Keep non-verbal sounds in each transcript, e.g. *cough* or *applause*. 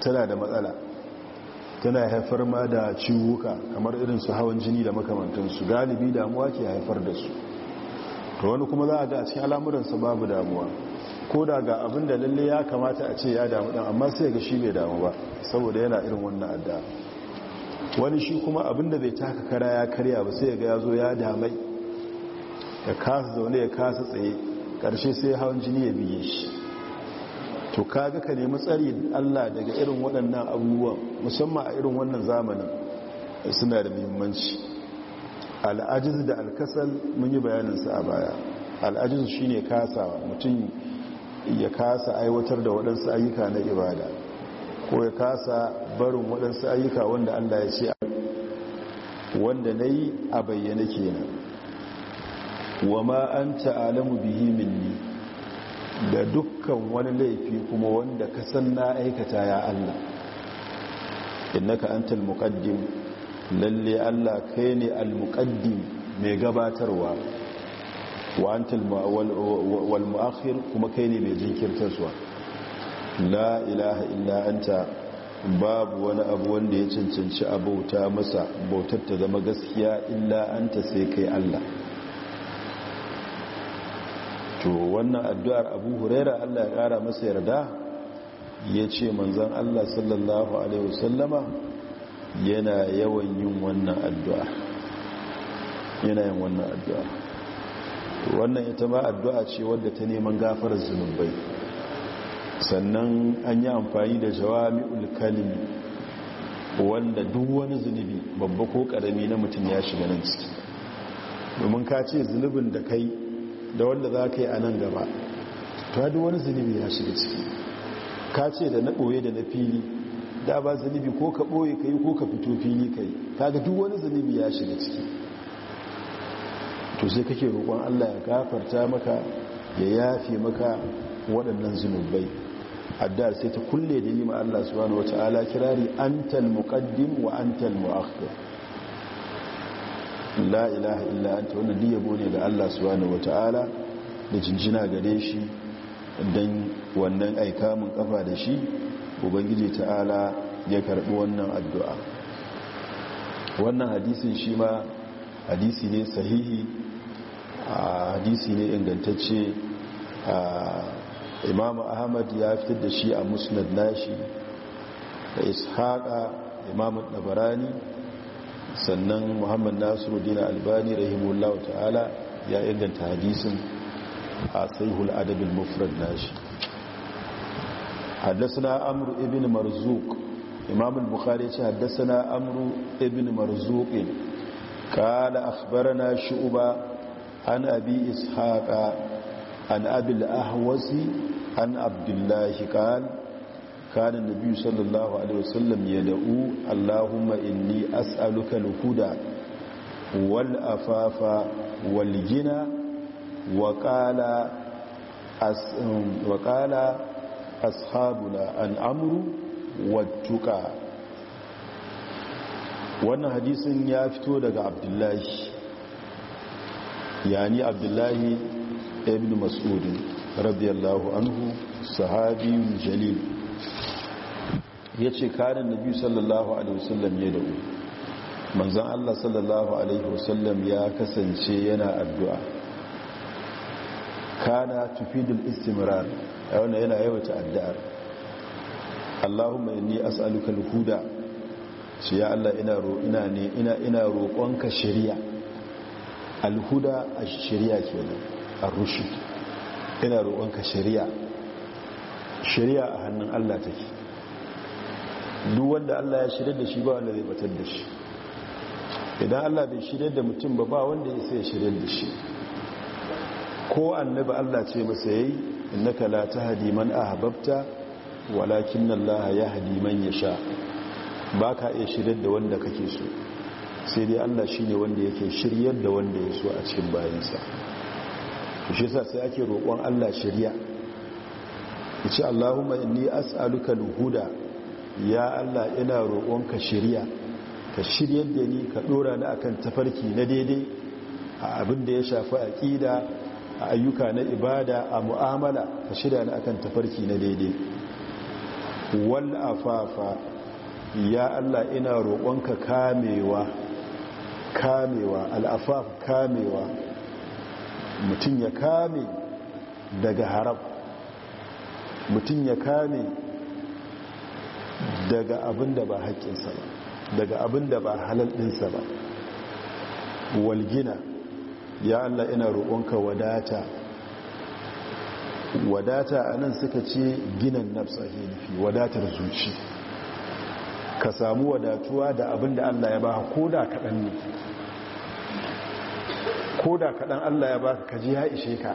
tana da matsala tana haifar ma da ciwuka kamar irin su hawan jini da makamantansu galibi damuwa ke haifar da su to wani kuma za a ga a cikin al'amuransa babu damuwa ko da ga abin da lalle ya kamata a ce ya damu ɗan amma sai ga shi bai damu ba saboda yana irin wannan adda wani shi kuma abin da bai taka kara ya karya ba sai ga ya zo ya damai ya kasa zaune ya kasa tsaye ƙarshe sai hawan jini ya biye shi to kaga ka nemi tsari Allah daga irin waɗannan abubuwan musamman a irin wannan zamanin suna da muhimmanci al'ajiz da alkasal mun yi bayaninsa a baya al'ajiz shi ne kasawa mutum ya kasa aiwatar da waɗansu ayyuka na ibada ko ya kasa barin waɗansu ayyuka wanda Allah ya ce wanda na yi a bayyana kenan wa ma an ta'alamu bihi minni da duk dukkan wani laifi kuma wanda ka san na aikata ya Allah innaka antal muqaddim lalle Allah kai ne al muqaddim mai gabatarwa wa antal wal muakhir kuma kai ne mai jinkirtarwa la ilaha illa anta babu wani abu wanda ya cancanci abauta masa bautar ta zama gaskiya illa anta sai kai Allah to wannan addu'ar abu huraira allah ya kara masa yarda ya ce manzan allah sallallahu alaihi wasallama yana yawan yin wannan addu'a yana yin wannan addu'a wannan ita ma addu'a ce wadda ta neman gafar zunubai sannan an yi amfani da jawami ulkalimi wanda duk wani zunubi babba ko ƙarami na mutum ya shiga nan ciki domin ka ce zunubin da kai da wanda za ka yi a nan gaba ta duk wani zunubi ya shiga ciki ka ce da na ɓoye da na fili da ba zunubi ko ka ɓoye ka yi ko ka fito fili ka yi ta ga duk wani zunubi ya shiga ciki to sai kake roƙon allah ya gafarta maka ya yafe maka waɗannan zunubai addar sai ta kulle da yi ma allah subhanahu wa ta'ala kirari antal muƙaddim wa antal mu'akhir la ilaha illa wannan duk yabo ne ga Allah subhanahu wataala da jinjina gare shi dan wannan aika mun kafa da shi ubangiji ta'ala ya karbi wannan addu'a wannan hadisin shi ma hadisi ne sahihi hadisi ne ingantacce imam ahmad ya fitar da shi a musnad nashi da ishaqa imam al sannan muhammad nasiru dina albani rahimullahu ta'ala ya inganta hadisin a saihul adabin mufrad nashi haddasa amru ibn Marzuq, imam al-bukhari ce haddasa amru ibn marzukin kala akhbarana shu'ba an abi ishaqa an abil ahwasi an abdullahi qala kanin da biyu sallallahu alaihi wasallam ya da'u allahumma inni as'aluka al-huda wal afafa wal gina wa qala wa ashabuna an amru wattuqa wannan hadisin ya fito daga abdullahi yani abdullahi ibn mas'ud radiyallahu anhu sahabiyun jalil ya ce kanin nabi sallallahu alaihi wasallam ya dawo, manzan allah sallallahu alaihi wasallam ya kasance yana addu'a kana tufidul istimrar a wani yana yawata addu'ar allahumma inni as'aluka huda ce ya allah ina ro ina ne ina ina roƙonka shari'a alhuda a shari'a ke kenan a rushe. ina roƙonka shari'a shari'a a hannun allah take duk wanda Allah ya shirya da shi ba wanda zai batar da shi idan Allah bai shirya da mutum ba ba wanda ya sai shirya da shi ko annabi Allah ce masa yayi innaka la tahdi man ahbabta walakin Allah yahdi man yasha baka iya shirya da wanda kake so sai dai Allah shine wanda yake shiryar da wanda ya so a cikin bayansa shi yasa sai ake roƙon Allah shirya yace Allahumma inni as'aluka al-huda ya Allah ina ka shirya ka shiryar da ni ka ɗora ni akan tafarki na daidai a abin da ya shafi aƙida a ayyuka na ibada a mu'amala ka shirya ni akan tafarki na daidai wal afafa ya Allah ina roƙonka kamewa kamewa al afaf kamewa mutum ya kame daga harab mutum ya kame daga abin da ba haƙƙinsa ba daga abin da ba halal ɗinsa ba walgina ya Allah ina roƙonka wadata wadata a nan suka ce ginan nafsa ke nufi wadatar zuci ka samu wadatuwa da abin da Allah ya ba ko da kaɗan ne ko da kaɗan Allah ya ba ka ji ya ishe ka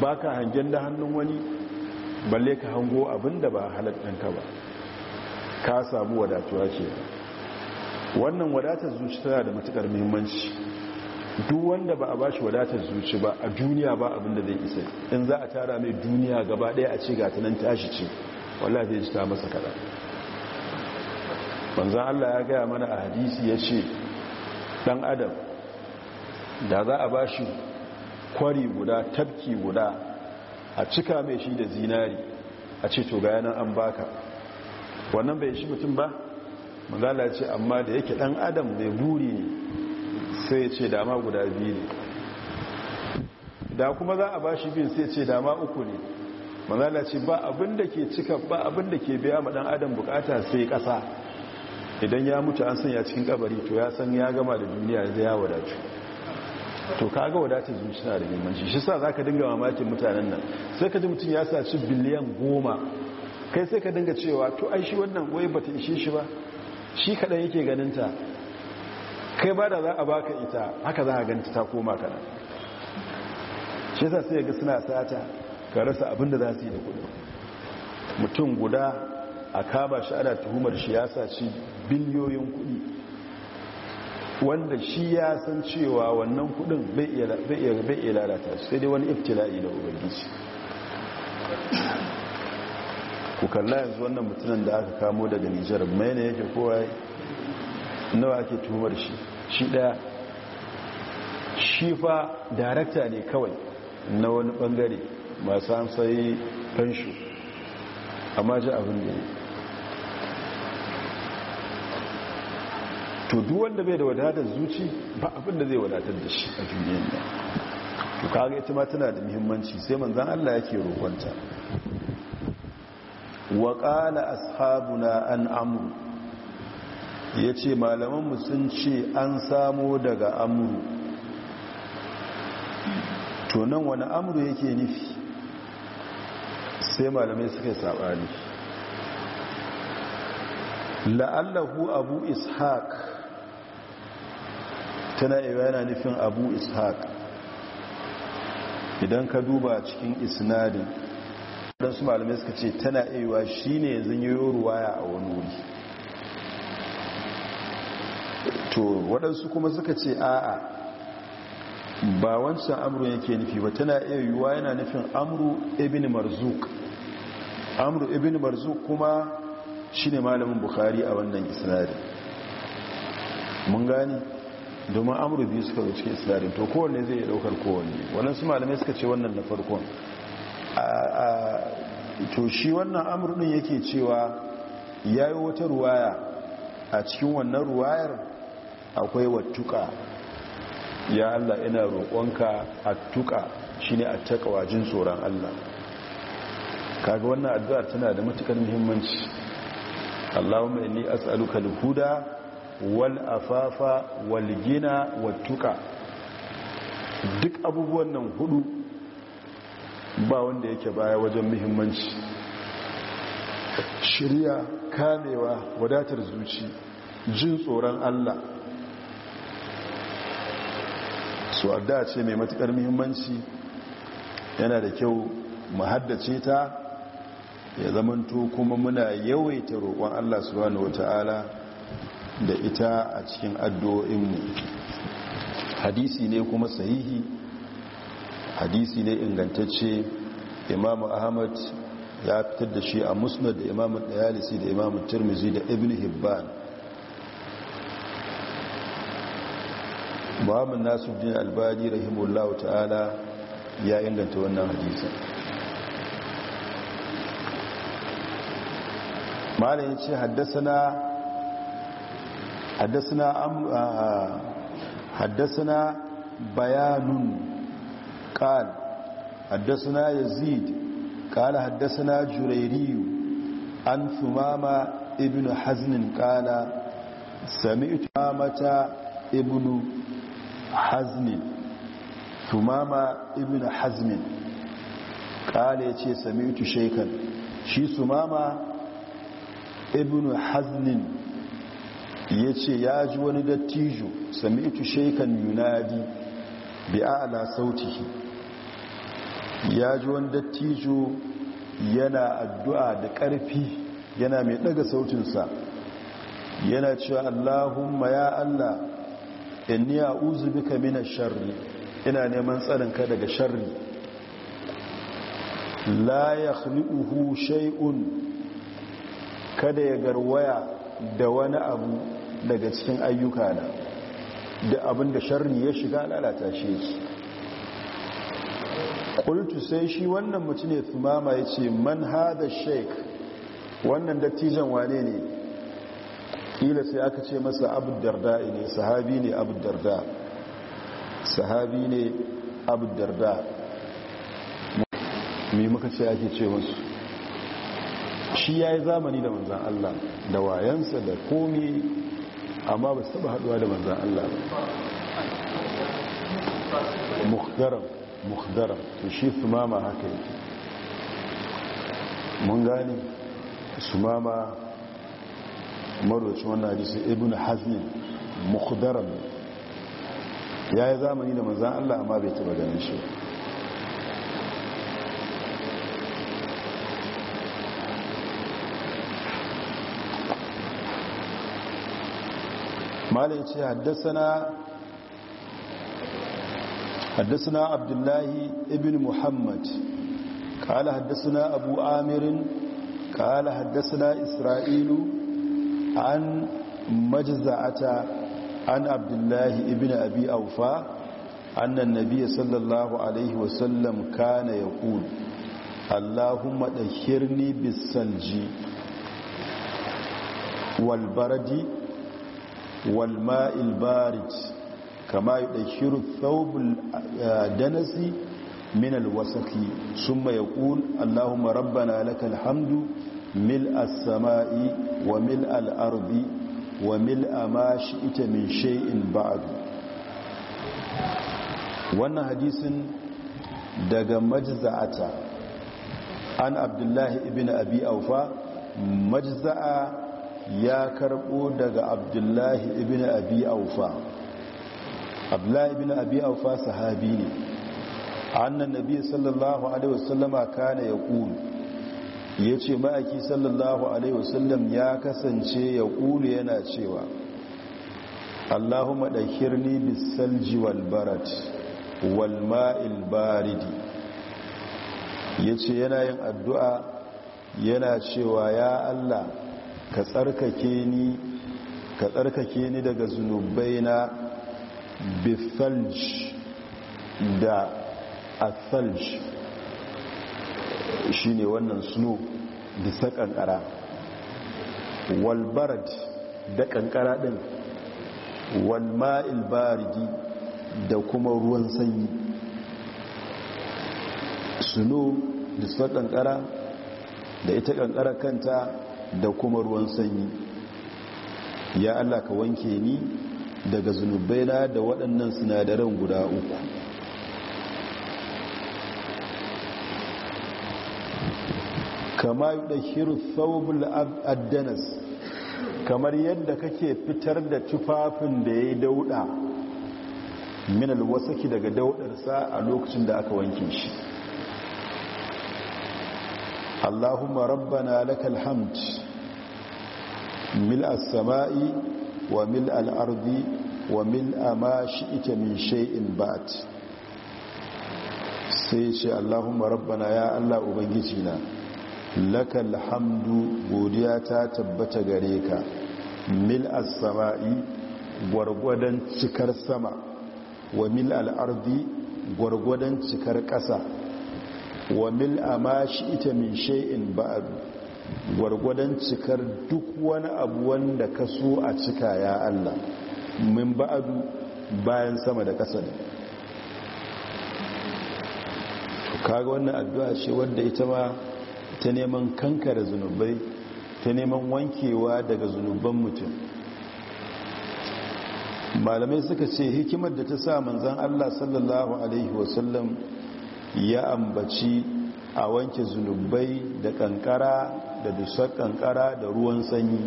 ba ka hangen da hannun wani balle ka hango abin da ba halittanka ba ka samu wadatuwa ke wannan wadatar zuci tana da matukar muhimmanci duk wanda ba a ba shi wadatar zuci ba a duniya ba abin da zai isa in za a tara mai duniya gaba ɗaya a ce ga ta nan tashi ce wallah zai ji ta masa kada banzan allah ya gaya mana a hadisi ya ce dan adam da za a ba shi kwari guda tafki guda a cika mai shi da zinari a ce to ga yanar an baka wannan bai shi mutum ba magana ce amma da yake dan adam mai buri ne sai ce dama guda biyu ne da kuma za a bashi bin sai ce dama uku ne magana ce ba abinda ke cika ba da ke biya ma dan adam bukata sai kasa idan ya mutu an sanya cikin kabari to ya san ya gama da duniya da ya wadatu to kaga wadatar zuciya da neman shi sa za ka dinga mamakin mutanen nan sai ka ji mutum ya saci biliyan goma kai sai ka dinga cewa to ai shi wannan wai bata ishe shi ba shi kaɗan yake ganinta kai ba da za a baka ita haka za a ganta ta koma kaɗan shi sa sai ga suna sata ka rasa abin da za su yi da kuɗi mutum guda a kaba shi ana tuhumar shi ya saci biliyoyin kuɗi wanda shi ya san cewa wannan kudin bai iya lalata sai dai wani iftila'i da ubangiji ku kalla yanzu wannan mutunan da aka kamo daga nijar mai ne yake kowa nawa ake tuhumar shi shi ɗaya Shifa darakta ne kawai na wani bangare masu amsayi fanshu amma ji abin da to duk wanda bai da wadatar zuci ba abin da zai wadatar da shi a duniyar nan to kaga ita ma tana da muhimmanci sai manzon Allah yake roƙonta wa qala ashabuna an amru yace malaman mu sun ce an samo daga amru to nan wani amru yake nufi sai malamai suka sabani la'allahu abu ishaq tana iya yana nufin abu ishaq idan ka duba cikin isnadin waɗansu malamai suka ce tana iya shi ne zanyoyo ruwaya a wani wuri to waɗansu kuma suka ce a'a ba wancan amru yake nufi ba tana iya yiwuwa yana nufin amru ibn marzuk amru ibn marzuk kuma shi ne malamin bukari a wannan isnadin mun gani domin amuru biyu suka zo cikin islarin to kowane zai daukar kowanne su malamai suka ce wannan na farkon to shi wannan amuru din yake cewa ya yi wata ruwaya a cikin wannan ruwayar akwai wattuka ya Allah ina roƙonka shi ne shine takawa jin tsoron Allah kaga wannan addu'a tana da matukar muhimmanci Allahumma inni as'aluka al-huda wal afafa wal gina duk abubuwan nan hudu ba wanda yake baya wajen muhimmanci shirya kamewa wadatar zuci jin tsoron allah su adda ce mai matukar muhimmanci yana da kyau mu haddace ta ya zamanto kuma muna yawaita roƙon allah subhanahu wata'ala da ita a cikin addu'o'inmu hadisi ne kuma sahihi hadisi ne ingantacce imamu ahmad ya fitar da shi a musnad da imamu dayalisi da imamu turmizi da ibn hibban muhammad nasuddin albani rahimullahu ta'ala ya inganta wannan malam malayin ce haddasa na حدثنا haddasana حدثنا بيان قال حدثنا يزيد قال حدثنا جريري عن ثمامة ابن حزن قال سمعت ثمامة ابن حزن ثمامة ابن حزم قال يتي سمعت شيخا شي ثمامة ابن حزن ya ce ya ji wani dattijo sami ita shekan yunadi bi ala sautihi ya ji wani dattijo yana addu'a da ƙarfi yana mai ɗaga sautinsa yana cewa allahumma ya allah inni a uzubika mina sharri ina neman tsarinka daga sharri la ya shay'un kada ya garwaya da wani abu daga cikin ayyuka na da abin da sharri ya shiga lalata shi yake kultu sai shi wannan mutum ya tumama ya ce man da sheik wannan dattijan wane ne kila sai aka ce masa abu darda ne sahabi ne abu darda sahabi ne abu mai muka ce ake ce wasu shi ya yi zamani da manzan Allah da wayansa da komi amma ba su taba haduwa da manzan Allah mukhdaram mukhdaram to shi su mama haka yake mun gani su mama marwacin wannan hadisi ibn hazmin mukhdaram ya yi zamani da manzan Allah amma bai taba ganin shi ba malai ce haddasana haddasana abdullahi ibn muhammad قال حدثنا أبو آمر قال حدثنا إسرائيل عن مجزعة عن عبد الله ابن أبي أوفى أن النبي صلى الله عليه وسلم كان يقول اللهم أخرني بالثلج والبرد walma ilbarit kama yi ɗashiru thawbul eh, danasi min alwasaki sun mai ƙun allahumma rabbana lakal hamdu mil as-sama'i wa mil al-ardi wa mil amashi ita min shay'in ba'd wannan hadisin daga majza'ata an abdullahi Ibin abi aufa majza'a ya karbo daga abdullahi ibn abi aufa abdullahi ibn abi aufa sahabi ne annan nabi sallallahu alaihi wasallama kana Ya ce ma'aiki sallallahu alaihi wasallam ya kasance kulu yana cewa Allahumma dakhirni bis-salji wal-barad wal-ma'il baridi ce yana yin addu'a yana cewa ya Allah ka tsarkake ni ka tsarkake ni daga na bifalj da athalj shine wannan snow bisa kankara walbarad da kankara din walma'il baridi da kuma ruwan sanyi snow bisa kankara da ita kankara kanta da kuma ruwan sanyi ya Allah ka wanke ni daga zunubaina da waɗannan sinadaran guda uku kama yi ɗashiru addanas kamar yadda kake fitar da tufafin da ya yi dauɗa minal wasaki daga dauɗarsa a lokacin da aka wanke shi اللهم ربنا لك الحمد ملء السماء وملء الأرض وملء ما شئت من شيء بعد سيشي اللهم ربنا يا الله أبنجتنا لك الحمد بودياتا تبت غريكا ملء السماء gwargwadon cikar sama wa mil al'ardi gwargwadon cikar ƙasa wa mil amashi ita min shay'in ba'd gurgudan cikar duk wani abu wanda ka so a cika ya Allah min ba'd bayan sama da ƙasa ne kaga wannan addu'a ce wanda ita ma ta neman kankare zunubai ta neman wankewa daga zunuban mutum malamai suka ce hikimar da ta sa manzon Allah sallallahu alaihi wasallam ya ambaci a wanke zunubai da kankara da dusar kankara da ruwan sanyi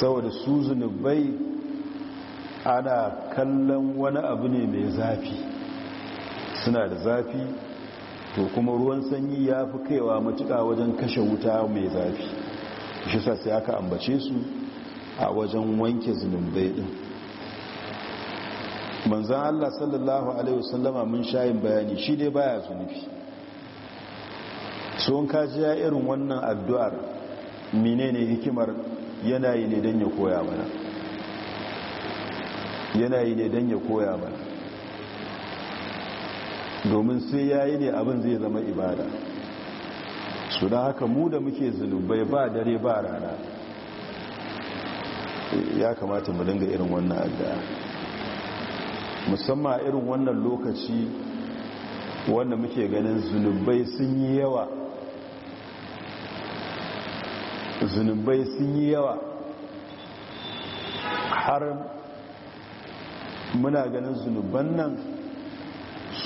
saboda su zunubai ana kallon wani abu ne mai zafi suna da zafi to kuma ruwan sanyi ya fi kaiwa matuƙa wajen kashe wuta mai zafi shi sa sai aka ambace su a wajen wanke zunubai din manzan Allah sallallahu Alaihi wasallama mun shayin bayani shi dai baya zunufi so in kaji ya irin wannan addu'ar ne hikimar yanayi ne don ya koya mana yanayi ne don ya koya mana domin sai ya yi ne abin zai zama ibada su da haka mu da muke zunubai ba dare ba rana ya kamata mu dinga irin wannan addu'ar. musamman irin wannan lokaci wanda muke ganin zunubai sun yi yawa zunubai sun yi yawa har muna ganin zunuban nan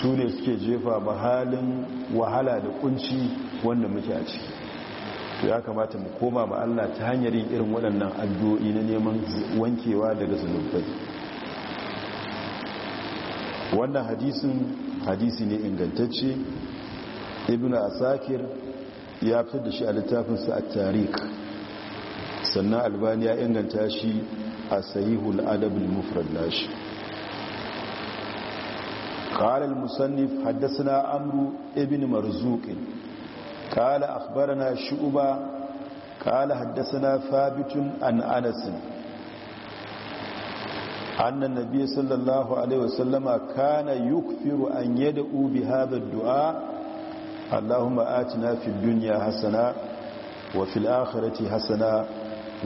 su ne suke jefa ba halin wahala da kunci wanda muke a ciki to ya kamata mu koma ba Allah ta hanyar yin irin waɗannan addu'o'i na neman wankewa daga zunubai wannan hadisin hadisi ne ingantacce ibn asakir ya fitar da shi a littafinsa a tarik sannan albani ya inganta shi a sahihul adabul mufrad nashi قال المصنف حدثنا عمرو ابن مرزوق قال أخبرنا شعبة قال حدثنا ثابت عن أنس annan nabi sallallahu alaihi wasallama kana yukfiru an yad'u bi hadha ad-du'a allahumma atina fid dunya hasana wa fil akhirati hasana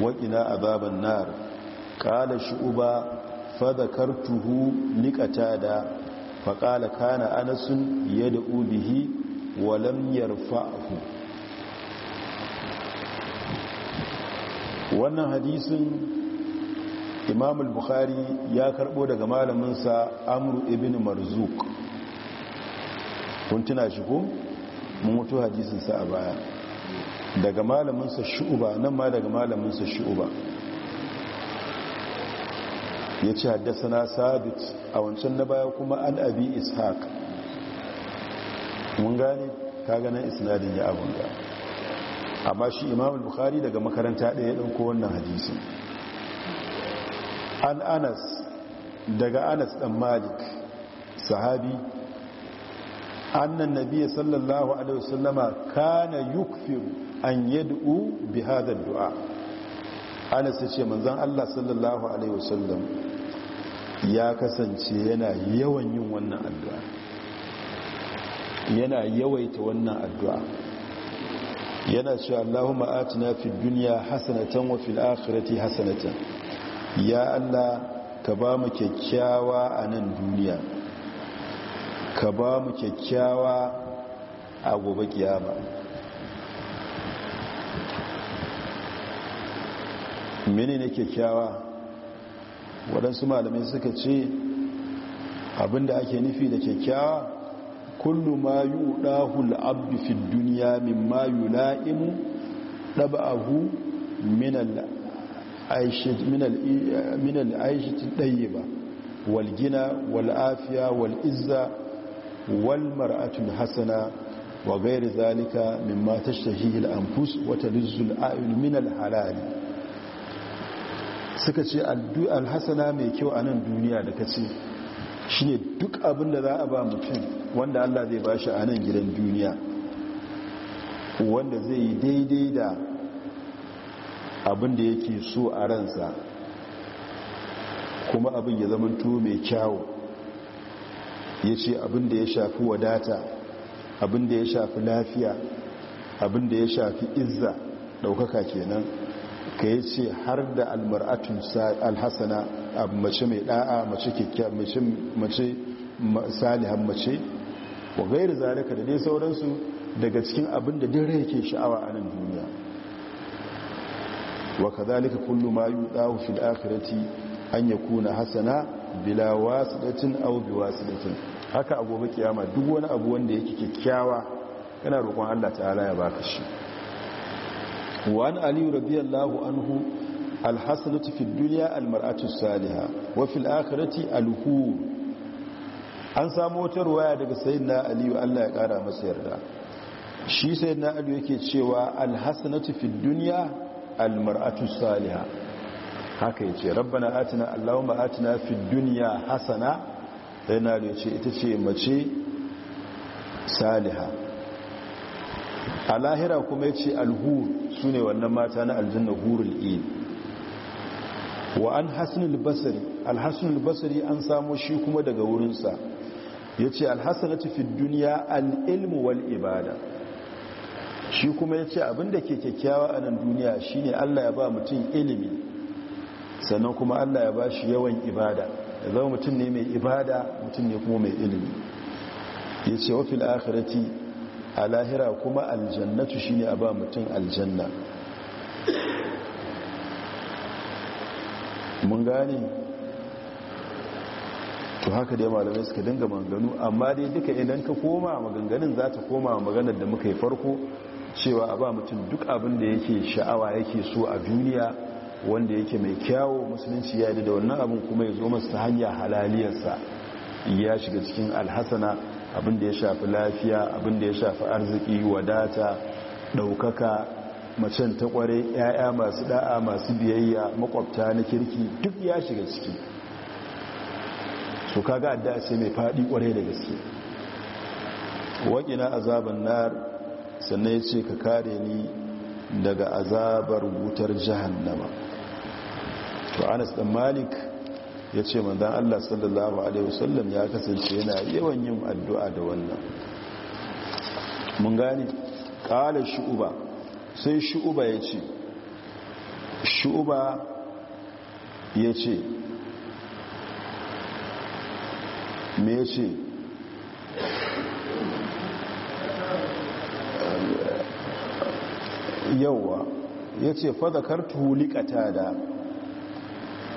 wa qina adhaban nar qala shu'ba fa dhakartuhu liqatada fa qala kana anas yad'u bihi wa lam yarfa'hu wannan hadisin imam al-bukhari ya karbo daga malaminsa amru ibn marzuk kun tuna shi ko mun wato hadisinsa a baya daga malaminsa shu'uba nan ma daga malaminsa shu'uba ya ce haddasa na sabit a wancan na baya kuma an abi ishaq mun gane kaganan isnadin ya abunga amma shi imam al-bukhari daga makaranta ɗaya ko wannan hadisin an anas daga anas dan malik sahabi annan nabiya sallallahu alaihi wasallama kana yukfiru an yad'u bi hadha du'a anas yace manzon Allah sallallahu alaihi wasallam ya kasance yana yawan yin wannan addu'a yana yawaita wannan addu'a yana cewa Allahumma atina fid dunya hasanatan wa fil akhirati hasanatan ya allah ka ba mu kyakkyawa a nan duniya ka ba mu kyakkyawa a gobe kiyama mene ne kyakkyawa waɗansu malamai suka ce abinda ake nufi da kyakkyawa kullu ma ɗahul abdu fi min yi la'imu ɗaba abu min minal aishit ɗayyiba walgina wal'afiya wal'izza walmar'atul hasana wa gairi zalika mimma ta shahihil amfus wata lizzul a'il suka ce alhassana mai kyau a nan duniya da ka ce shi ne duk abin da za a ba mutum wanda allah zai ba shi a nan gidan duniya wanda zai yi daidai da abin da yake so a ransa kuma abin ya zama zamanto mai kyawu ya ce abin da ya shafi wadata abin da ya shafi lafiya abin da ya shafi izza ɗaukaka kenan ka yi ce har da almar'atun alhassana abu mace mai ɗa'a mace mace salihan mace wa gairu zarika da dai sauransu daga cikin abin da dare yake sha'awa a nan duniya wa kadhalika kullum ma yudahu fil akhirati an yakuna hasana bila wasidatin aw haka a gobe kiyama duk wani abu wanda yake kyakkyawa yana roƙon Allah ta'ala ya baka shi wa an ali radiyallahu anhu alhasanatu fid dunya almar'atu salihah wa fil akhirati an samu wata ruwaya daga sayyidina ali Allah ya kara masa yarda shi sayyidina ali yake cewa alhasanatu fid dunya almar'atu Saliha haka yace rabbana atina allahumma atina fid dunya hasana yana da yace ita ce mace saliha a lahira kuma yace alhur sune wannan mata na aljanna hurul in wa an hasanul basri alhasanul basri an samo shi kuma daga wurinsa yace alhasanatu fid dunya al wal ibada shi kuma ya ce abinda ke kyakkyawa a nan duniya shine allah ya ba mutum ilimi sannan kuma allah ya ba shi yawan ibada ya zama mutum ne mai ibada mutum ne kuma mai ilimi ya ce wafil akhirati a lahira kuma aljannatu shine a ba mutum aljanna mun gane to haka dai malamai suka dinga maganganu amma dai duka idan ka koma maganganun za ta koma maganar da muka yi farko cewa a ba mutum duk abin da yake sha'awa yake so a duniya wanda yake mai kyawo musulunci ya da wannan abin kuma ya zo masa hanya halaliyarsa ya shiga cikin alhassana abin da ya shafi lafiya abin da ya shafi arziki wadata ɗaukaka macen ta kware 'ya'ya masu da'a masu biyayya makwabta na kirki duk ya shiga ciki su kaga addu'a sai mai faɗi kware da gaske waƙina azaban nar sannan ya ce ka kare ni daga azabar wutar jahannama to anas dan malik ya ce manzan allah sallallahu alaihi wasallam ya kasance yana yawan yin addu'a da wannan mun gane ƙala shu'uba sai shu'uba ya ce shu'uba ya ce me ya ce yawwa ya ce fazakar tuhuli da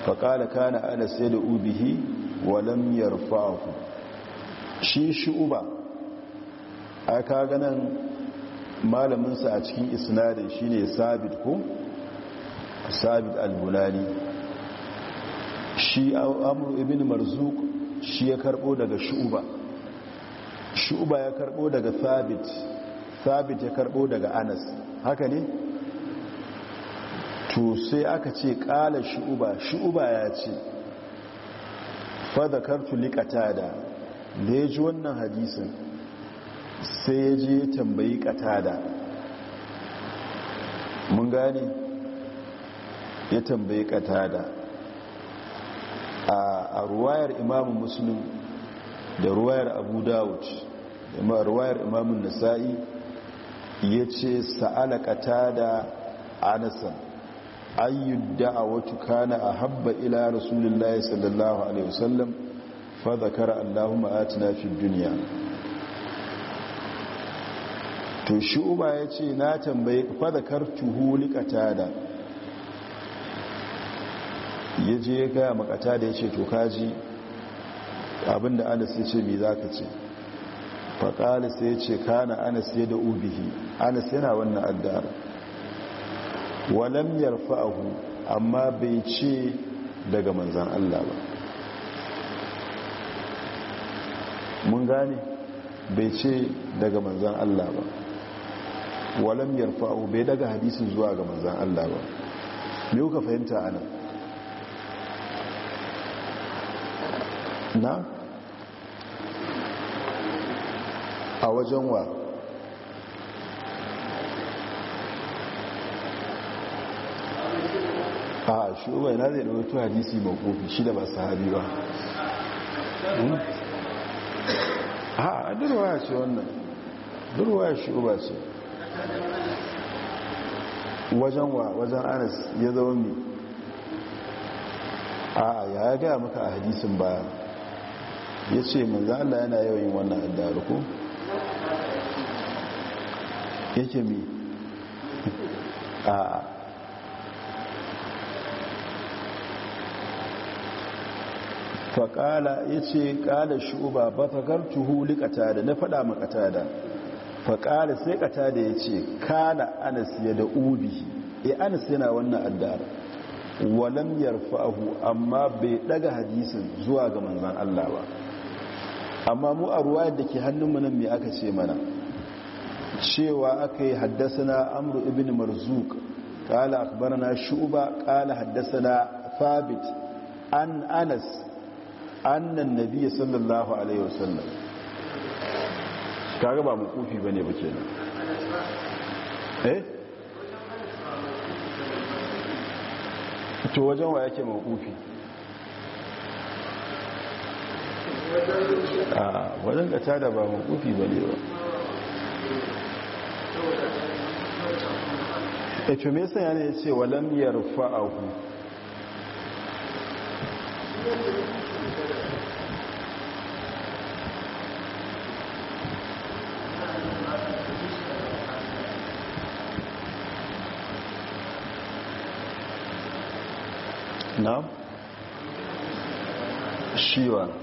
faƙala kana ana sai da ubihi walam yarfahu shi shi uba a kaganan malaminsa a cikin isnadin shi ne sabit ko sabit al-bulali shi amur ibn marzuk shi ya karbo daga shu'uba shu'uba ya karbo daga sabit sabit ya karbo daga anas haka ne to sai aka ce kala shi'uba shi'uba ya ce fadakartu likata da ya ji wannan hadisun sai ya je tambayi da mun gane ya tambayi da a ruwayar imamun muslim da ruwayar abu dawud da ruwayar imamun nasa'i ya ce sa'ala da anasan ayyud da'awatu a habba ila rasulillahi sallallahu alaihi wasallam fa zakara allahumma atina fid duniya to shi uba ya ce na tambaye fa zakartuhu da ya je ya gaya makata da ya ce to kaji abinda anas ya ce mai za ka ce faƙali sai ya ce kana anas ya da ubihi anas yana wannan addara walamiyar fa’ahu amma bai ce daga manzan Allah ba mun gane bai ce daga manzan Allah ba walamiyar fa’ahu bai daga hadisin zuwa ga manzan Allah ba me kuka fahimta anan na a wajen wa a shi na zai ɗauki hadisi mai kofi shi da ba sahabi ba hmm? a durwaya ce wannan durwaya shi uba ce wajen wa wajen anas ya zama ne a ya gaya maka a hadisin baya ya ce manzana yana yawan wannan adaruku ko yake mi a faƙala ya ce ƙala shuba ba tuhu likata da na faɗa ma da faƙala sai kata da ya ce kana anas ya da ubi ya eh, anas yana wannan addar walam hu, amma bai daga hadisin zuwa ga manzan Allah ba amma mu a ruwa da ke hannunmu nan mai aka ce mana cewa aka yi haddasa amru ibn marzuk kala akbarana shuba kala haddasa Fabit an anas annan nabiya sallallahu alaihi wasallam kaga ba makufi bane ba kenan eh to wajen wa yake makufi a ah, wajen ka tada ba makufi bane ba e to me yasa yana yace walam yarfa'ahu na shiwa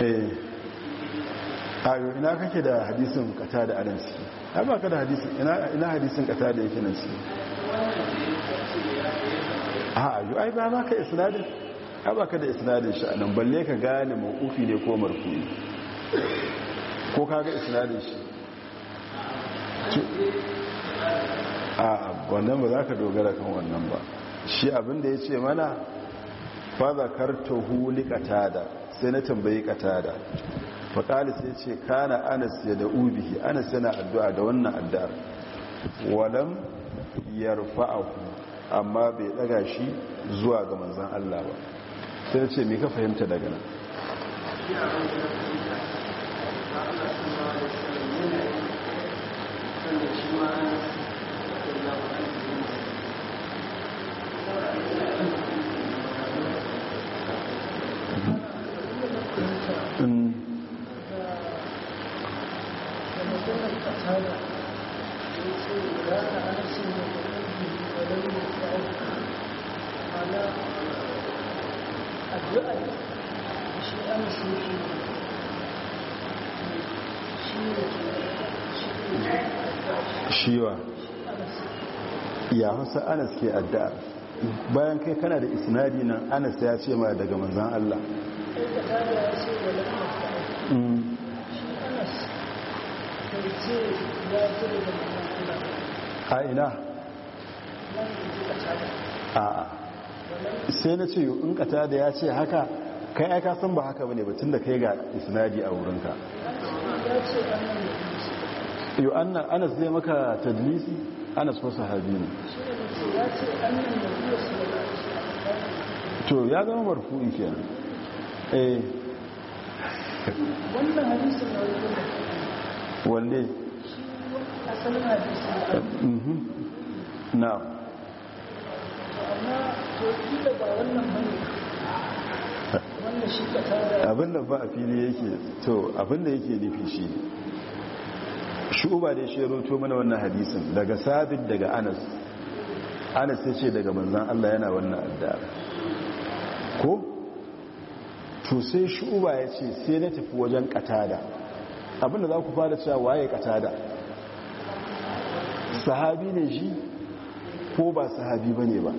eh ayo ina kake da hadisin kata da anan ciki ai ba ka da hadisin ina ina hadisin kata da yake nan ciki a ayo ai ba ma ka isnadin ai ba ka da isnadin shi nan? balle ka gane mauqufi ne ko marfu'i ko ka ga isnadin shi a wannan ba za ka dogara kan wannan ba shi abinda ya ce mana fa zakarta hu liqatada sai na tambayi katada faƙali sai ce kana anas ya da ubi anas yana addu'a da wannan addu'ar walam ku amma bai ɗaga shi zuwa ga manzan Allah ba sai ce mai ka fahimta daga nan Thank you. shiwa ya hausa anas ke addu'a bayan kai kana da isnadi nan anas ya ce ma daga manzan Allah a ina a sai na ce in kata da ya ce haka kai aika san ba haka bane batun da kai ga isnadi a wurinka yau anas zai maka tadlisi anas ko sahabi ne to ya zama ike kenan eh wannan hadisin ne wanne Mm-hmm. na abin da ba a fili yake to abin da yake nufi shi shuba da shi roto mana wannan hadisin daga sabit daga anas anas ya ce daga manzan allah yana wannan adda ko to sai shuba ya ce sai na tafi wajen katada abin da za ku fara cewa waye katada sahabi ne shi ko ba sahabi ba ne ba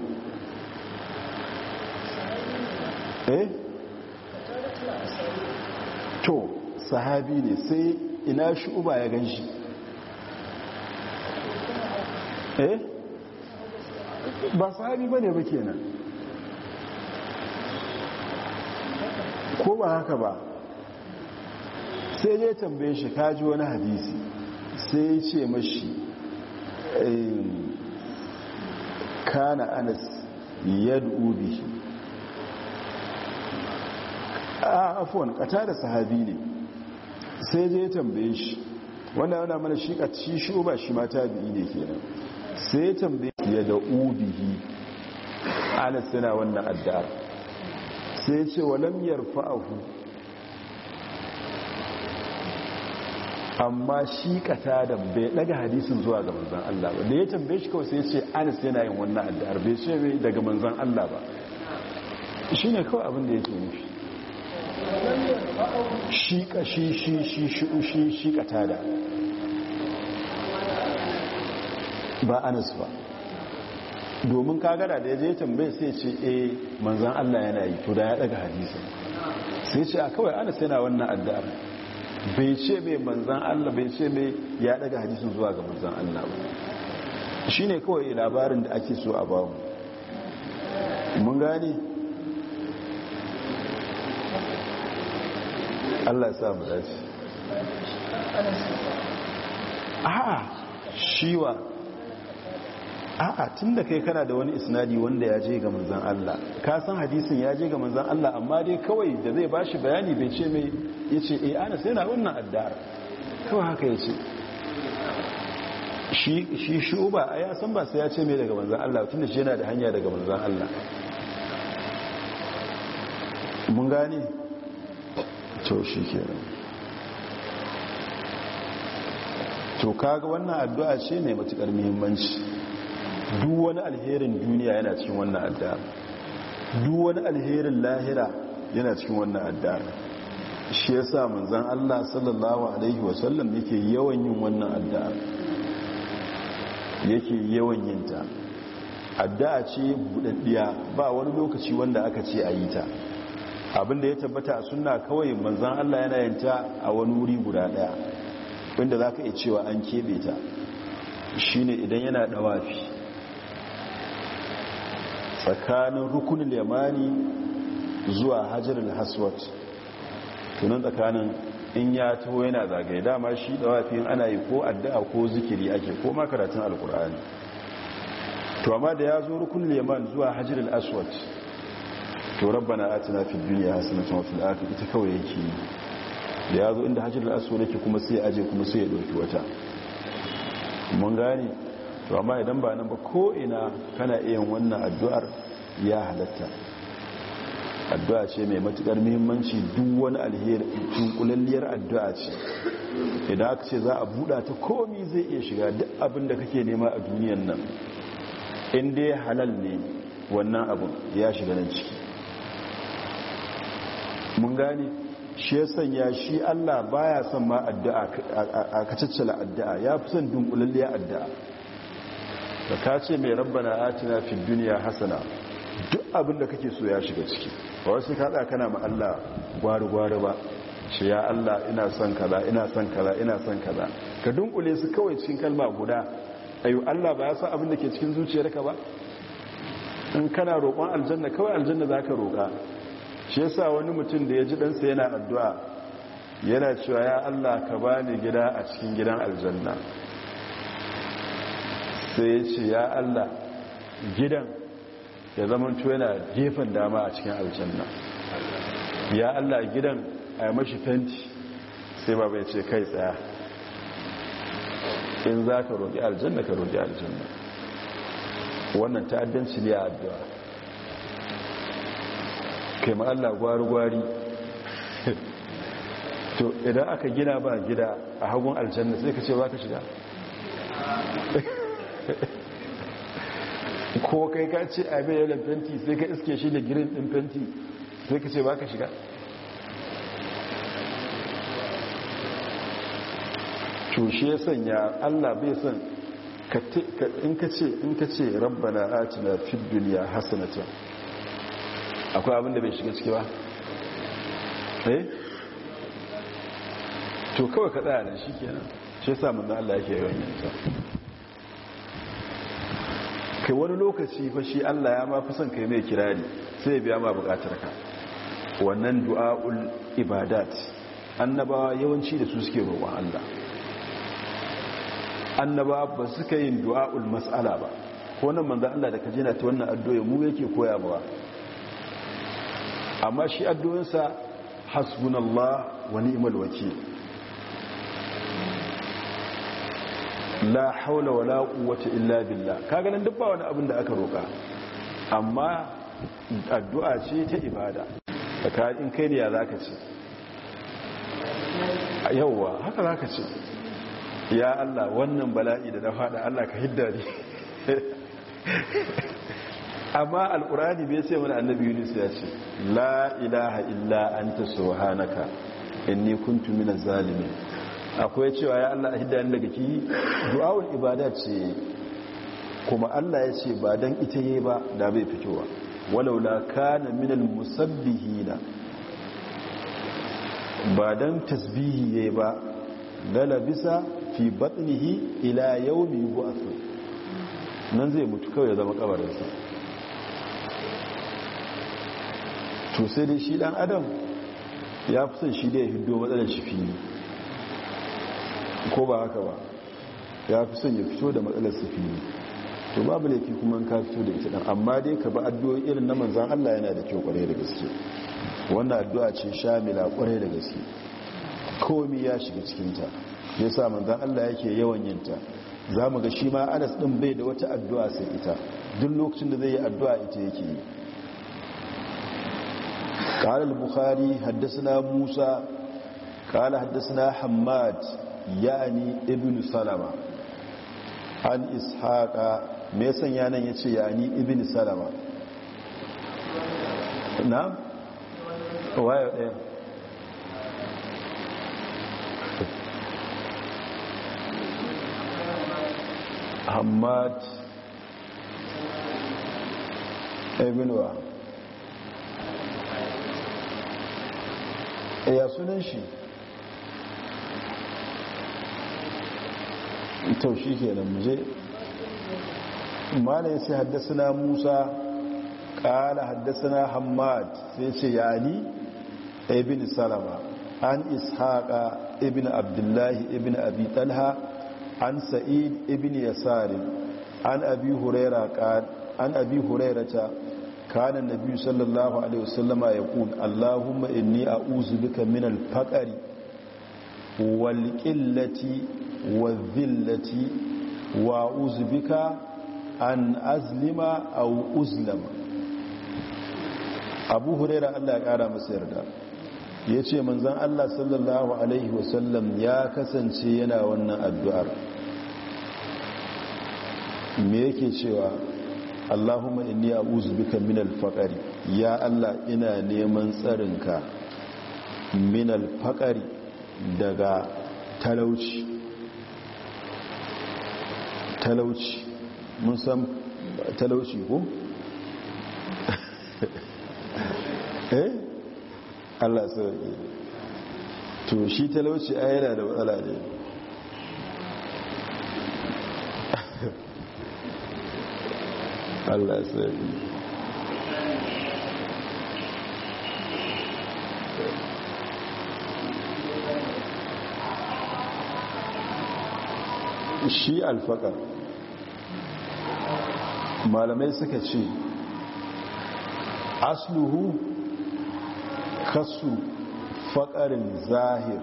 eh to sahabi ne sai ina shi uba ya gan shi eh ba sahabi ba ne ba kenan ko ba haka ba sai ya tambaye shi kaji wani hadisi sai ya ce mashi kana anas yad'u bihi a afwan kata da sahabi ne sai je tambaye shi wannan yana mana shi ci shi ba shi ma tabi'i ne kenan sai ya tambaye ya da ubihi anas yana wannan addu'a sai ya ce walam yarfa'ahu amma shi da bai daga hadisin zuwa ga manzan Allah ba da ya tambaye shi kawai sai ce anis yana yin wannan addu'ar bai ce mai daga manzan Allah ba shi ne kawai abin da yake nufi shi shi shi shi shi shi shi da ba anis ba domin kagara da ya je tambaye sai ce eh manzan Allah yana yi to da ya daga hadisin sai ce a kawai anis yana wannan addu'ar bai ce mai manzan Allah bai ce mai ya daga hadisin zuwa ga manzan Allah ba shi ne kawai labarin da ake so a bamu mun gane Allah sa mu dace a shiwa a'a tun da kai kana da wani isnadi wanda ya je ga manzan Allah ka san hadisin ya je ga manzan Allah amma dai kawai da zai bashi bayani bai ce mai ya ce eh ana sai na wannan addar kawai haka ya ce shi shi uba a ya san ba sai ya ce mai daga manzan Allah tun da shi yana da hanya daga manzan Allah mun gane to shi kenan to kaga wannan addu'a ce mai matukar muhimmanci duk wani alherin duniya yana cikin wannan addu'ar. duk wani alherin lahira yana cikin wannan addu'ar. shi yasa manzon Allah sallallahu alaihi wasallam yake yawan yin wannan addu'ar. yake yawan yin ta addu'a ce budaddiya ba wani lokaci wanda aka ce a yi ta abinda ya tabbata a sunna kawai manzon Allah yana yin ta a wani wuri guda daya wanda zaka iya cewa an kebe ta shine idan yana dawafi tsakanin rukunin yamani zuwa hajjarul haswat tunan tsakanin in ya taho yana zagaye dama shi da wafi ana yi ko adda'a ko zikiri ake ko makaratun alkur'ani to amma da ya zo rukunin leman zuwa hajjarul aswat to rabbana atina fid duniya hasanatan wa fil akhirati ita kawai yake da ya zo inda hajjarul aswat yake kuma sai aje kuma sai ya ɗauki wata mun gane to amma idan ba nan ba ko ina kana iya wannan addu'ar ya halatta addu'a ce mai matukar muhimmanci duk wani alheri tunkulalliyar addu'a ce idan aka ce za a buɗa ta komi zai iya shiga duk abin da kake nema a duniyan nan inda ya halal ne wannan abin ya shiga nan ciki mun gane shi ya sanya shi allah baya son ma addu'a a kacaccala addu'a ya fi son dunkulalliyar addu'a da ka ce mai rabbana atina fi duniya hasana duk abinda kake so ya shiga ciki ba wasu ka kana ma Allah gwari-gwari ba shi ya Allah ina son kaza ina son kaza ina son kaza ka dunkule su kawai cikin kalma guda ayu Allah ba ya sa abin da ke cikin zuciyarka ba in kana roƙon aljanna kawai aljanna za ka roƙa shi yasa wani mutum da ya ji ɗansa yana addu'a yana cewa ya Allah ka bani gida a cikin gidan aljanna sai ya ce ya Allah gidan ya zamanto yana gefen dama a cikin aljanna ya Allah gidan a yi mashi fenti sai ba bai ce kai tsaya in za ka roƙi aljanna ka roƙi aljanna wannan ta'addanci ne a addu'a kai ma Allah gwari-gwari *laughs* to idan aka gina ba gida a hagun aljanna sai ka ce ba ka shiga *laughs* ko kai ka ce a bai yalan fenti sai ka iske shi da girin ɗin fenti sai ka ce ba ka shiga cushe ya sanya allah bai son in ka ce in ka ce rabbana na fi duniya hasanatan akwai abin da bai shiga ciki ba eh to kawai ka tsaya da shi kenan shi yasa da Allah ke yawan yanta kai wani lokaci fa shi Allah ya ma fi son kai mai kirari sai biya ma bukatar ka wannan du'a'ul ibadat annabawa yawanci da su suke roƙon Allah annabawa ba su suka yin du'a'ul mas'ala ba wannan manzo Allah da kaje na ta wannan addu'a mu yake koya ba amma shi addu'arsa hasbunallah wa ni'mal wakeel la haula wala quwwata illa billah kaga nan duk ba wani abin da aka roka amma addu'a ce ta ibada ka in kai ne ya zaka ce yawwa haka zaka ce ya Allah wannan bala'i da na fada Allah ka hidda ni *laughs* amma alqur'ani bai sai mana annabi Yunus ya ce la ilaha illa anta subhanaka inni kuntu minaz zalimin akwai cewa ya Allah a hidayen daga ki du'awul ibada ce kuma Allah ya ce ba don ita yi ba da bai fitowa walaula kana minal musabbihina ba don tasbihi yi ba bisa fi batnihi ila yau yawmi yub'ath nan zai mutu kawai ya zama kabarinsa to sai dai shi dan adam ya fi son shi da ya hiddo matsalar shi fili ko ba haka ba ya fi son ya fito da matsalar sufili to babu laifi kuma ka fito da ita dan amma dai ka ba addu'o'i irin na manzan Allah yana da kyau kwarai da gaske wannan addu'a ce shamila kwarai da gaske komai ya shiga cikin ta yasa manzan Allah yake yawan yin ta za ga shi ma anas din bai da wata addu'a sai ita duk lokacin da zai yi addu'a ita yake yi قال البخاري حدثنا موسى musa حدثنا حماد yani ibn salama an ishaqa me yasan yanan yace yani ibn salama na waye ɗaya hammad ibn wa eh, ya sunan shi to shi kenan muje malai haddasa musa ƙala haddasa hamad sai ce yani ibn salama an ishaqa ibn abdullahi ibn abi talha an sa'id ibn yasari an abi huraira an abi hurairata kana sallallahu alaihi wasallama yaqul allahumma inni a bika min al faƙari walƙillati wa zillati wa uzbika an azlima aw uzlama abu huraira Allah ya kara masa yarda yace ce manzan Allah sallallahu Alaihi wasallam ya kasance yana wannan addu'ar me yake cewa Allahumma inni ya bika min ya Allah ina neman tsarinka min alfaƙari daga talauci talauci mun san talauci ko? *laughs* eh Allah sauki to shi talauci a yana da matsala ne *laughs* Allah sauki shi alfakar malamai suka ce asluhu kasu faƙarin zahir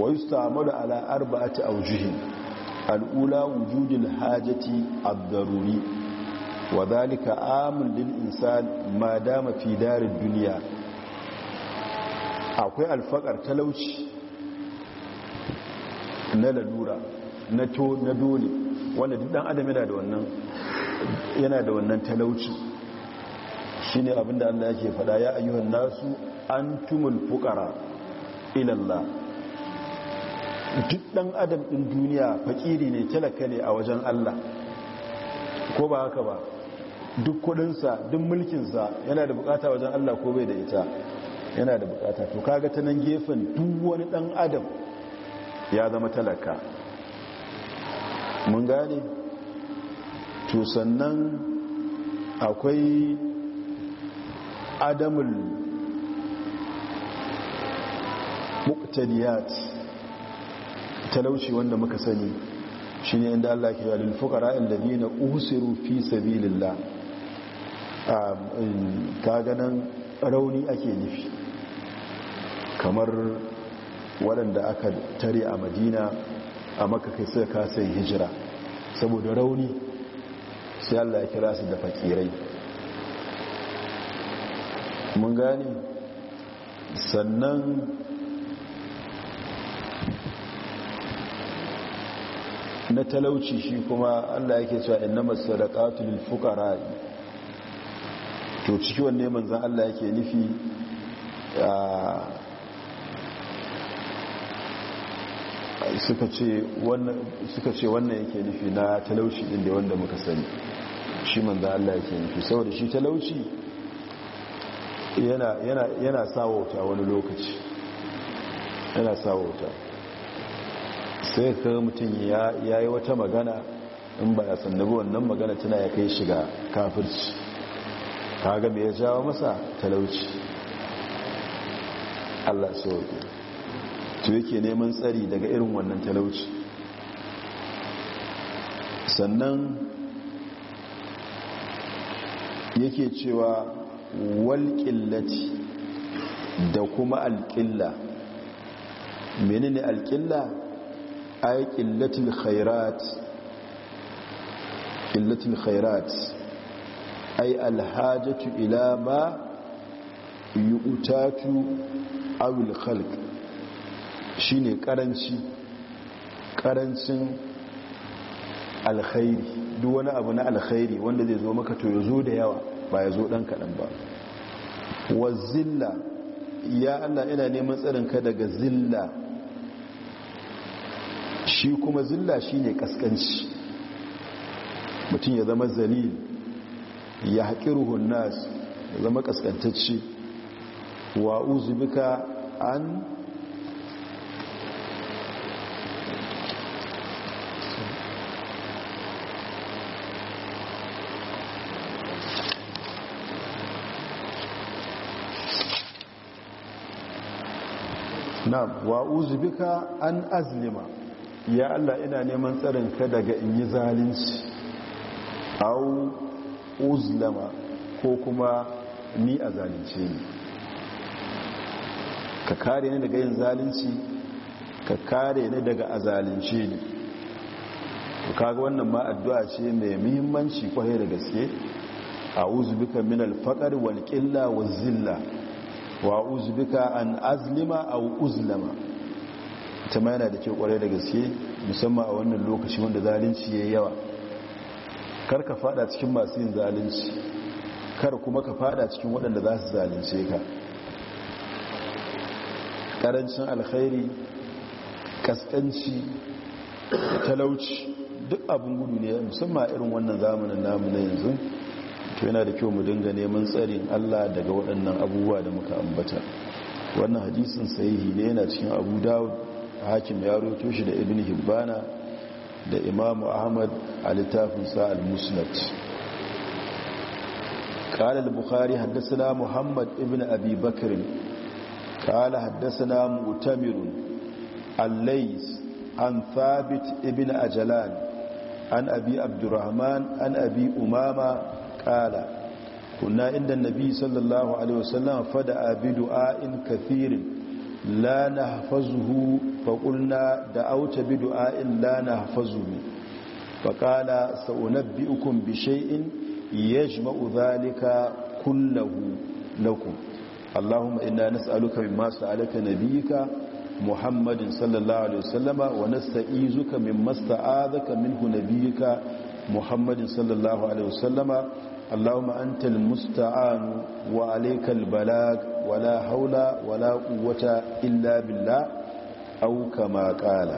wa yi samaru ala arba'ati aujihin al'ula wujudin hajjati abdaruri wa zalika amin lil insan ma dama fi darin duniya akwai alfakar talauci na lalura na to na dole wanda duk dan adam yana da wannan yana da wannan talauci shine abinda Allah yake faɗa ya ayyuhan nasu antumul fuqara ila Allah duk dan adam din duniya fakiri ne talaka ne a wajen Allah ko ba haka ba duk kudinsa duk mulkin sa yana da bukata wajen Allah ko bai da ita yana da bukata to kaga ta nan gefen duk wani dan adam ya zama talaka mun gane to sannan akwai adamul muqtadiyat talauci wanda muka sani shine inda Allah ke yalil fuqara alladhina usiru fi sabilillah kaga nan rauni ake nufi kamar waɗanda aka tare a madina a makakai ka kasa hijira saboda rauni sai allah ya kira su da fakirai mun gani sannan na talauci shi kuma allah yake cewa inna masu da katulil fukara to ciki wanne manzan allah yake nufi a ah, suka ce wannan yake nufi na talauci din da wanda muka sani shi manzan Allah yake nufi saboda shi talauci yana sa wauta wani lokaci yana sa sai ka mutum ya yi wata magana in ba ya sannabi wannan magana tana ya kai shiga kafirci ka ga mai ya jawo masa talauci Allah sauke to yake neman tsari daga irin wannan talauci sannan yake cewa walƙillaci da kuma alƙilla menene alƙilla ai ƙillatin khairat ƙillatin khairat yi alhajatu ila ma utatu awil khalq shine karanci karancin alkhairi duk wani abu na alkhairi wanda zai zo maka to ya zo da yawa ba ya zo dan kaɗan ba wa zilla ya Allah ina neman tsarinka daga zilla shi kuma zilla shine kaskanci mutum ya zama zalil ya haƙiruhun nas ya zama kaskantacci wa uzubika an na'am wa uzbika an azlima ya Allah ina neman tsarin ka daga in yi zalunci au uzlama ko kuma ni a zalunce ne ka kare ni daga yin zalunci ka kare ni daga a ne ni kaga wannan ma addu'a ce mai muhimmanci kwarai da gaske a uzbika min alfaqar wal qilla zilla wa uzbika an azlima aw uzlama ta ma yana da kyau kwarai da gaske musamman a wannan lokaci wanda zalunci ya yawa kar ka fada cikin masu yin zalunci kar kuma ka fada cikin waɗanda za su zalunce ka ƙarancin alkhairi kaskanci talauci duk abin gudu ne musamman irin wannan zamanin namu na yanzu to yana da kyau mu dinga neman tsarin Allah daga waɗannan abubuwa da muka ambata wannan hadisin sahihi ne yana cikin Abu Dawud hakim ya shi da Ibn Hibbana da Imam Ahmad a littafin sa al-Musnad قال البخاري حدثنا محمد ابن أبي بكر قال حدثنا مؤتمر الليس عن ثابت ابن أجلان عن أبي عبد الرحمن عن qala kunna inda annabi sallallahu alaihi wasallam fada bidu'ain kathirin la nahfazuhu fa qulna da'awta bidu'ain la nahfazuhu fa qala sa'unabbi'ukum bi shay'in yajma'u dhalika kullahu lakum اللهم إنا نسألك مما سألك wa محمد صلى الله عليه وسلم ونستعيذك مما استعاذك منه نبيك محمد صلى الله عليه وسلم اللهم أنت المستعان وعليك البلاغ ولا حول ولا قوة إلا بالله أو كما قال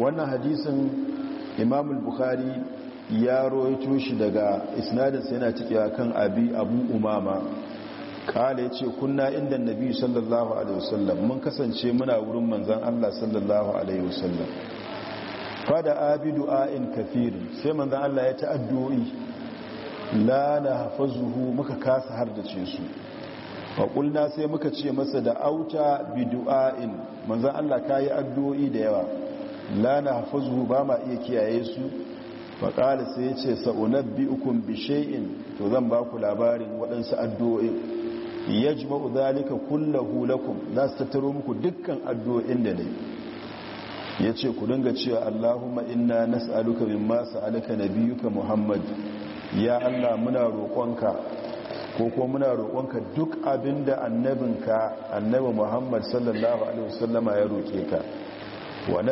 wannan hadisin imam al-bukhari ya roito shi daga isnadinsa yana cikewa kan abi abu umama kala ya ce kunna inda nabi sallallahu alaihi wasallam mun kasance muna wurin manzan allah sallallahu alaihi wasallam fada abidu a'in kafirin sai manzan allah ya ta'addu'i la na hafazuhu muka kasa har da ce su sai muka ce masa da auta bidu'a'in manzan allah ka yi addu'o'i da yawa la na hafazuhu ba ma iya kiyaye su kala sai ya ce sa'unabbi ukun bishai'in to zan ba ku labarin waɗansu addu'o'in yajma'u zalika kullahu lakum za su tattaro muku dukkan addu'o'in da nayi yace ku dinga cewa Allahumma inna nas'aluka na biyu ka Muhammad ya Allah muna roƙonka ko ko muna roƙonka duk abinda annabinka annabi Muhammad sallallahu alaihi wasallama ya roƙe ka wa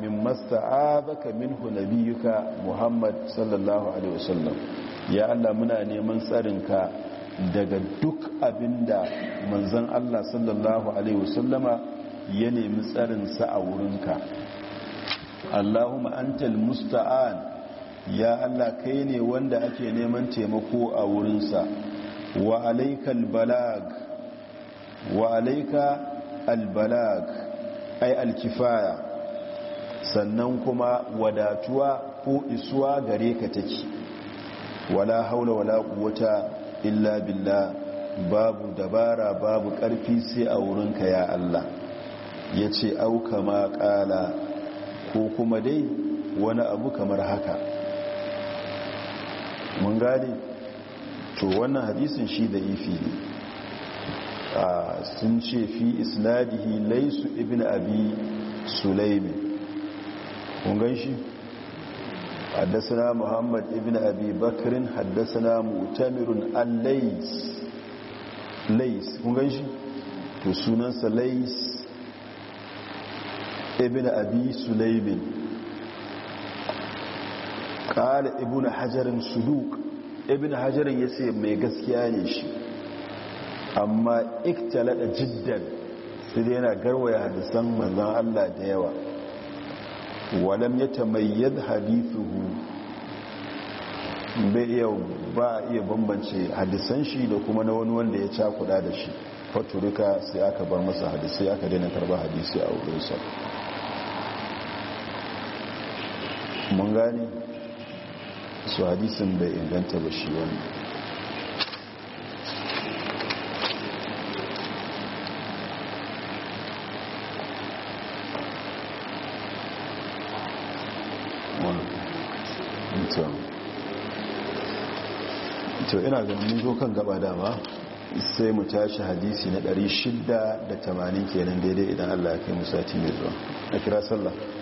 min min ku na biyu ka Muhammad sallallahu alaihi wasallam ya Allah muna neman tsarinka daga duk abinda manzan Allah sallallahu alaihi wasallama ya nemi tsarinsa sa a wurinka Allahumma antal musta'an ya Allah kai ne wanda ake neman taimako a wurinsa wa alaika albalag wa alaika albalag ai alkifaya sannan kuma wadatuwa ko isuwa gare ka take wala haula wala quwwata illa billah babu dabara babu karfi sai a wurinka ya Allah ya ce auka ma ƙala ko kuma dai wani abu kamar haka mun gane to wannan hadisin shi da ifi ne sun ce fi isnadihi laisu ibn abi sulaimi kun gan shi حدثنا محمد ابن أبي بكر حدثنا مؤتمر الليس ليس ليس مغنش تسوننس ليس ابن أبي سليم قال ابن حجر سلوك ابن حجر يسير ميغس كيانيش amma iktalada jiddan sai dai yana garwaya hadisan manzan Allah da yawa walam ya tamayyad hadithuhu bai iya ba iya bambance hadisan shi da kuma na wani wanda ya cakuda da shi faturuka sai aka bar masa hadisi aka daina karba hadisi a wurinsa mun gane su hadisin bai inganta ba shi wani muna ga mun zo kan gaba dama sai mu tashi hadisi na 680 kenan daidai idan Allah ya kai mu sati mai zuwa a kira sallah